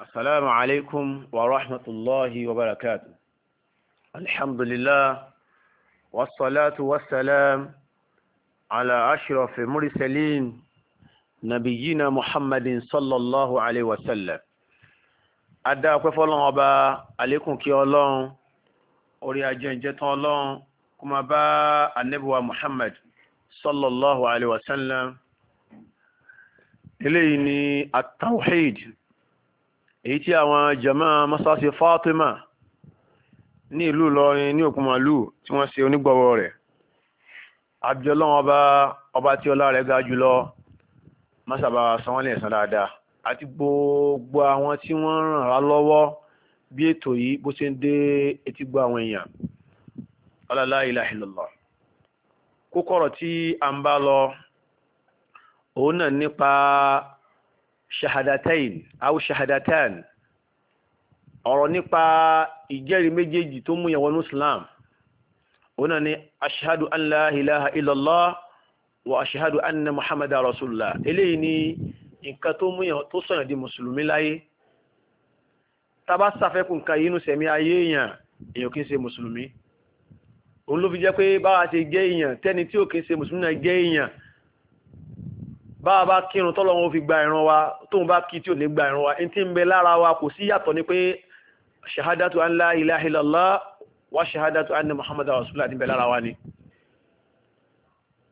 السلام عليكم ورحمة الله وبركاته الحمد لله والصلاة والسلام على أشرف المرسلين نبينا محمد صلى الله عليه وسلم ada ọpẹ́ fọ́lọ́run ọba àlékún kí Ọlọ́run orí ajé ìjẹ tán Ọlọ́run kó máa bá anabiwa Muhammad sallallahu alayhi wa eléyìí ni at-tawhid èyí tí àwọn jama masasi Fatima ní ìlú Ìlọrin ní Òkúmọ̀lú tí wọ́n ṣe onígbọ̀wọ́ rẹ̀ abjọlọ́wọ́n ọba ọba tí ọlá rẹ̀ ga jùlọ masaba sanwó-ẹ̀lẹ̀ ẹ̀sán dáadáa àti gbogbo àwọn tí wọ́n ràn wá lọ́wọ́ bí ètò yìí bó ṣe ń dé etí gbọ́ àwọn èèyàn la ilaha illallah kókọ̀rọ̀ tí a ń bá lọ òun náà nípa shahadatain aw shahadatan ọ̀rọ̀ nípa ìjẹ́rìí méjèèjì tó mú yàn wọnú islam òun náà ni ashahadu an la ilaha illallah wa ashahadu anna muhammadu rasulullah eléyìí ni nǹkan tó mú yàn tó sọ̀yàn di mùsùlùmí láyé tábà sàfẹ́kùn nǹkan yìí nù sẹ̀mí ayé èèyàn èèyàn kì í ṣe mùsùlùmí òun ló fi jẹ́ pé báwa ṣe jẹ́ èèyàn tẹ́ni tí ò kì í ṣe mùsùlùmí náà jẹ́ èèyàn bá a bá kírun tọ́lọ́run fi gba ìran wa tóun bá kí tí ò ní gba ìran wa n tí ń bẹ lára wa kò sí yàtọ̀ ni pé ṣahadatu an la ilaha illallah wa ṣahadatu anna muhammadu rasulullah níbẹ̀ lára wa ni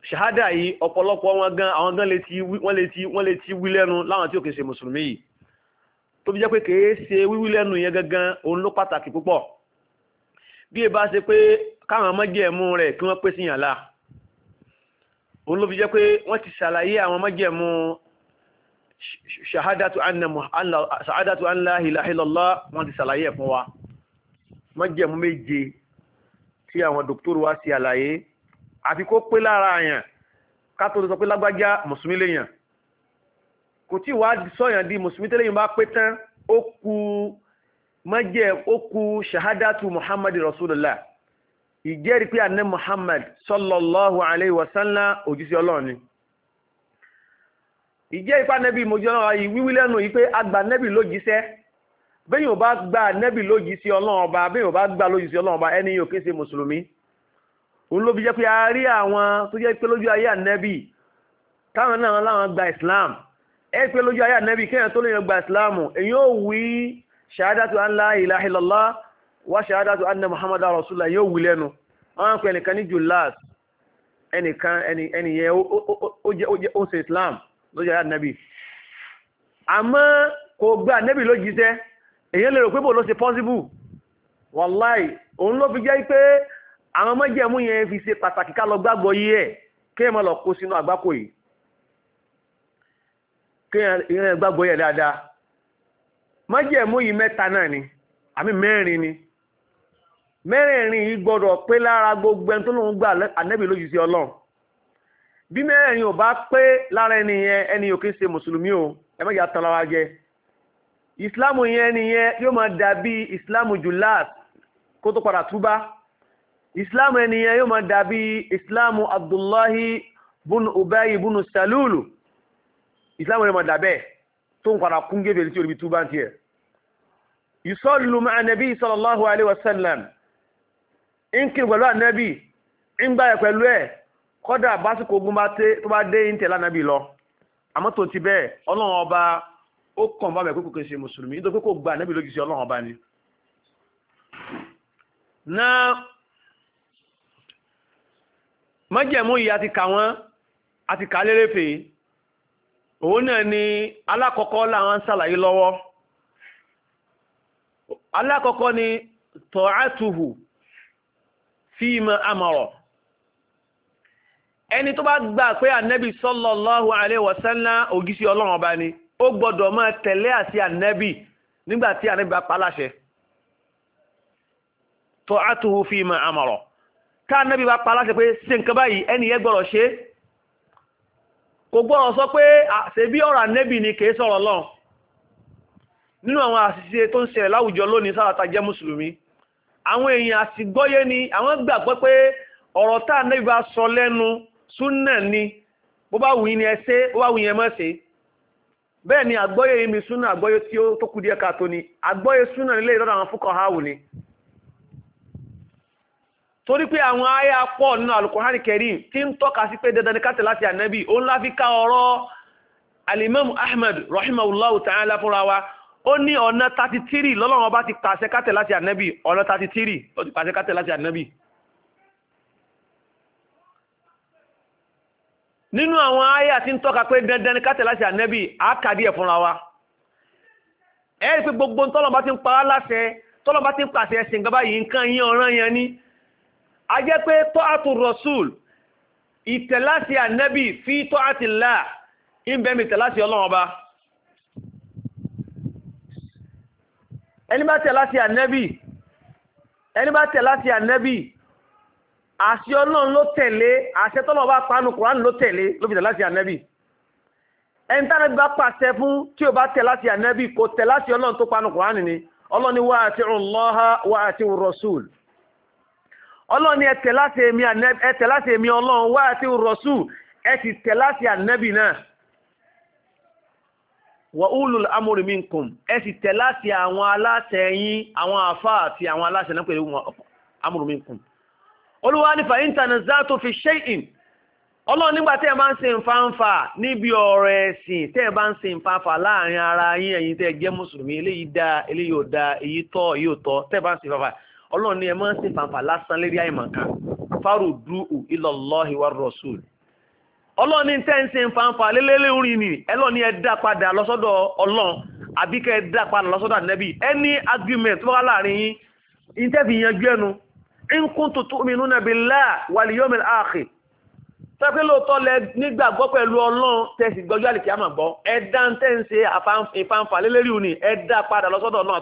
ṣahada yìí ọ̀pọ̀lọpọ̀ wọn gan àwọn gan lè ti wọ́n lè ti wọ́n lè ti wí lẹ́nu láwọn tí ò kì í mùsùlùmí yìí tó fi jẹ́ pé kìí ṣe wíwí lẹ́nu yẹn gangan òun ló pàtàkì púpọ̀ bí e bá ṣe pé káwọn ọmọ jẹ́ ẹ̀mú rẹ̀ kí wọ́n pèsè yàn láà òun ló fi jẹ́ pé wọ́n ti ṣàlàyé àwọn májẹ̀mú ṣàhádàtú an la ilaha illallah wọ́n ti ṣàlàyé ẹ̀ fún wa májẹ̀mú méje tí àwọn dòkítọ́rù wa ṣe àlàyé àfi kó pé lára àyàn ká tó sọ pé lágbájá mùsùlùmí lèèyàn kò tí wàá sọ̀yàn di mùsùlùmí tẹ́lẹ̀ yìí bá pé tán ó ku májẹ̀ ó ku ṣàhádàtú muhammadu rasulullah ìjẹ́rìí pé àná Muhammad sallallahu alayhi wa sallam òjíṣẹ́ ọlọ́run ni ìjẹ́ ipá nẹ́bí mojú ọlọ́run yìí wíwí lẹ́nu yìí pé àgbà nẹ́bí lójíṣẹ́ bẹ́yìn ò bá gba nẹ́bí lójíṣẹ́ ọlọ́run ọba bẹ́yìn ò bá gba lójíṣẹ́ ọlọ́run ọba ẹni yóò kése mùsùlùmí òun ló fi jẹ́ pé a rí àwọn tó jẹ́ pé lójú ayé ànẹ́bí táwọn náà láwọn gba Islam ẹ pé lójú ayé ànẹ́bí kéèyàn tó lè gba Islam èyí ò wí ṣahadatu an wa ṣàhádà tó anna muhammad rasulullah o wù lẹ́nu wọ́n ń pẹ́ ẹnìkan ní julas ẹnìkan oje ó islam ló jẹ́ nabi àmọ́ kò gba ànábì lo jíṣẹ́ èyí lè rò pé bò ló o, possible wàláì fi jẹ́ pé àwọn mọ́jẹ̀mú fi ṣe pàtàkì ká lọ gbàgbọ́ lọ Ke ni ni mẹ́rẹ̀ẹ̀rin yìí gbọ́dọ̀ pé lára gbogbo ẹni tó lóun gbà ànẹ́bì lójú sí ọlọ́run bí mẹ́rẹ̀ẹ̀rin ò bá pé lára ẹni yẹn ẹni yòókè ṣe mùsùlùmí o ẹ má jà tọ́ra wa jẹ ìsìláàmù yẹn ni yẹn yóò máa eniyan ìsìláàmù jùláàt kó tó padà abdullahi bunu ubayi bunu salulu ìsìláàmù yẹn máa dàbẹ́ tó ń padà kún gébèrè tí túbá sallallahu wa sallam ń kí pẹ̀lú ànábì ń gbáyà pẹ̀lú ẹ̀ kọ́dà básìkò ogun tó bá dé ń lọ àmọ́ tó ti bẹ́ẹ̀ ọlọ́run ọba ó kàn bá bẹ̀ẹ́ kò ṣe mùsùlùmí nítorí ọba ni. na májẹ̀mú yìí a ti kà wọ́n a ti kà á lérèfé ni alákọ̀ọ́kọ́ làwọn fíìmọ̀ àmọ̀rọ̀ ẹni tó bá gbà pé ànẹ́bì sallallahu alaihi wasallam ògísí ọlọ́run ọba ni ó gbọ́dọ̀ máa tẹ̀lé àti ànẹ́bì nígbà tí ànẹ́bì bá paláṣẹ ta'atuhu fíìmọ̀ àmọ̀rọ̀ ká ànẹ́bì bá paláṣẹ pé ṣe nǹkan báyìí ẹni yẹn gbọ́dọ̀ ṣe kò gbọ́dọ̀ sọ pé àṣebí ọ̀rọ̀ ànẹ́bì ni kì í sọ̀rọ̀ lọ́n nínú àwọn àṣìṣe tó ń ṣẹlẹ̀ láwùjọ lónìí sáà tá mùsùlùmí àwọn èèyàn àsìgbọ́yé ni àwọn gbàgbọ́ pé ọ̀rọ̀ tá ànábì bá sọ lẹ́nu súnà ni bó bá wù ni ẹ ṣe bó bá ẹ ṣe bẹ́ẹ̀ ni àgbọ́yé mi súnà àgbọ́yé tí ó tó kù díẹ̀ káàtó ni àgbọ́yé súnà nílé ìrọ́dọ̀ àwọn fúkọ̀ háwù ni torí pé àwọn àyà pọ̀ nínú alukurani kẹrin tí ń tọ́ka sí pé dandan ní láti ó ní ọ̀nà thirty three lọ́lọ́run ọba ti pàṣẹ kátẹ̀ láti ànábì ọ̀nà thirty three ó ti pàṣẹ kátẹ̀ láti ànábì. nínú àwọn àyà tí ń tọ́ka pé dandan ni kátẹ̀ láti ànábì àkàdí ẹ̀ fúnra wa ẹ rí i pé gbogbo tọ́lọ́ba ti ń pa á láṣẹ tọ́lọ́ba ti ń pàṣẹ ẹ̀sìn gaba yìí nǹkan yín ọ̀ràn yẹn ni a jẹ́ pé tọ́àtù rọ̀ṣùl ìtẹ̀láṣẹ ànábì fi tọ́àtì là ń ọlọ́run ọba. ẹni bá tẹ̀ láti ànẹ́bì ẹni bá tẹ̀ láti ànẹ́bì àṣẹ ọlọ́run ló tẹ̀lé àṣẹ tọ́lọ̀ bá panu Kùránì ló tẹ̀lé ló fi tẹ̀ láti ànẹ́bì ẹni tánà bá pàṣẹ fún tí ó bá tẹ̀ láti ànẹ́bì kò tẹ̀ láti ọlọ́run tó panu Kùránì ni ọlọ́ni wá àti ọlọ́ha wá àti rọ̀ṣùl ọlọ́ni ẹ tẹ̀ láti èmi ọlọ́run wá àti rọ̀ṣùl ẹ ti tẹ̀ láti ànẹ́bì náà wa ulul amri minkum ẹ sì tẹ̀ si àwọn aláṣẹ yín àwọn àfà àti àwọn aláṣẹ náà pẹ̀lú amri minkum olúwa ní fa intanazatu fi shay'in ọlọ́run nígbà tẹ́ ẹ bá ń ṣe nfàǹfà níbi ọ̀rọ̀ ẹ̀sìn tẹ́ ẹ bá ń ṣe nfàǹfà láàrin ara yín ẹ̀yin tẹ́ ẹ jẹ́ mùsùlùmí da eléyìí ò da èyí tọ́ èyí ò tọ́ tẹ́ ẹ bá ń ṣe nfàǹfà ọlọ́run ní ẹ máa ń ṣe nfàǹfà lásán lérí àìmọ̀kan ilallahi war rasul ọlọ́ọ̀ni tẹ́ǹsì ń fanfa lélẹ́lẹ́ orí ni ẹlọ́ọ̀ni ẹ dá padà lọ́sọ́dọ̀ ọlọ́ọ̀ àbí kẹ́ ẹ dá padà lọ́sọ́dọ̀ ànẹ́bí any argument tó wà láàrin yín ìtẹ́fì yanjú ẹnu in kuntu tu'minuna billahi wal yawmil akhir tẹ́fẹ́ lóòótọ́ lẹ nígbàgbọ́ pẹ̀lú ọlọ́run tẹ̀sí gbọ́jú àlìkí àmà gbọ́ ẹ dá ń tẹ́ǹsì ìfanfa lélẹ́rìí ni ẹ dá padà lọ́sọ́dọ̀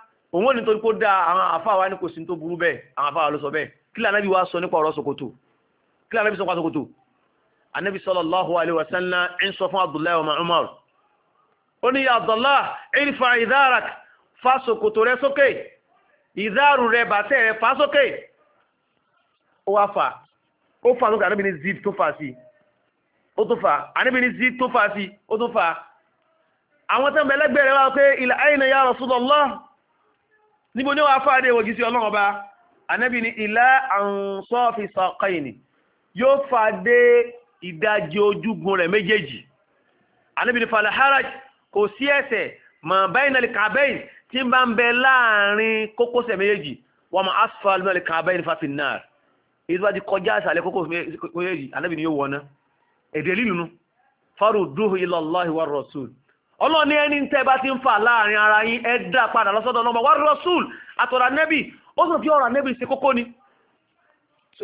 òun ò ní torí kó dáa àwọn àfáàwá ní kò sí tó burú bẹ́ẹ̀ àwọn àfáàwá ló sọ bẹ́ẹ̀ kí lànàbí wa sọ nípa ọ̀rọ̀ ṣòkòtò kí lànàbí sọ nípa ṣòkòtò anabi sallallahu alaihi wa sallam ń sọ fún abdullahi wa umar ó ní abdullahi irfa idharak fa ṣòkòtò rẹ sókè ìdáàrù rẹ bàtẹ rẹ fa sókè ó wá fà ó fà sókè anabi ní zip tó fà sí ó tó fà anabi ní zip tó fà sí ó tó fà àwọn tẹ́ńbẹ̀lẹ́gbẹ̀rẹ̀ wá pé ila aina ya rasulullah níbo ní wàá fáadé ìwòjì sí ọlọ́run ọba ànábì ní ilá àǹsọ́ọ̀fì sọ̀kọ́yìnì yóò fáadé ìdajì ojúgun rẹ̀ méjèèjì ànábì ní falẹ̀ haraj kò sí ẹ̀ṣẹ̀ mọ̀ báyìí náà lè kàbẹ́yìn tí ń bá ń bẹ láàrin kókósẹ̀ méjèèjì wọ́n mọ̀ asfaw náà lè kàbẹ́yìn fàfin ọlọ́run ní ẹni tẹ́ bá ti ń fà láàrin ara yín ẹ padà lọ́sọ́dọ̀ ọlọ́mọ wá rọ́sùl àtọ̀rọ̀ anẹ́bì ó sì fi ọ̀rọ̀ anẹ́bì ṣe kókó ni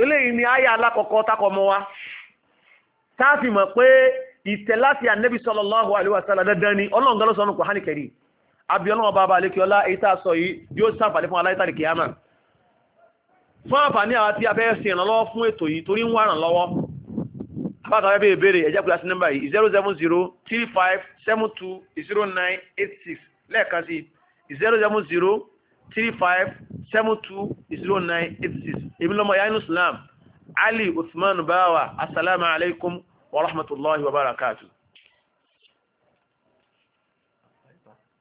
eléyìí ni àyà alákọ̀ọ́kọ́ takọ̀ mọ́ wa tá a fi mọ̀ pé ìtẹ̀ láti anẹ́bì sallallahu alaihi wasallam dandan ni ọlọ́run gan ló sọnù kẹ́rì àbí ọlọ́run ọlá a sọ yìí yóò sàǹfààní fún aláìsàrí fún àǹfààní àwọn tí a fẹ́ fún ètò yìí torí ń wà ràn àbáta wẹ́bẹ̀ ìbéèrè ẹ̀jẹ̀ pẹ̀lú àti nọ́mbà yìí zero seven zero three five seven two zero nine eight six lẹ́ẹ̀kan sí zero seven zero three five seven two zero nine eight six èmi lọ́mọ yanu islam ali usman bawa asalaamualeykum wa rahmatulahi wa barakatuh.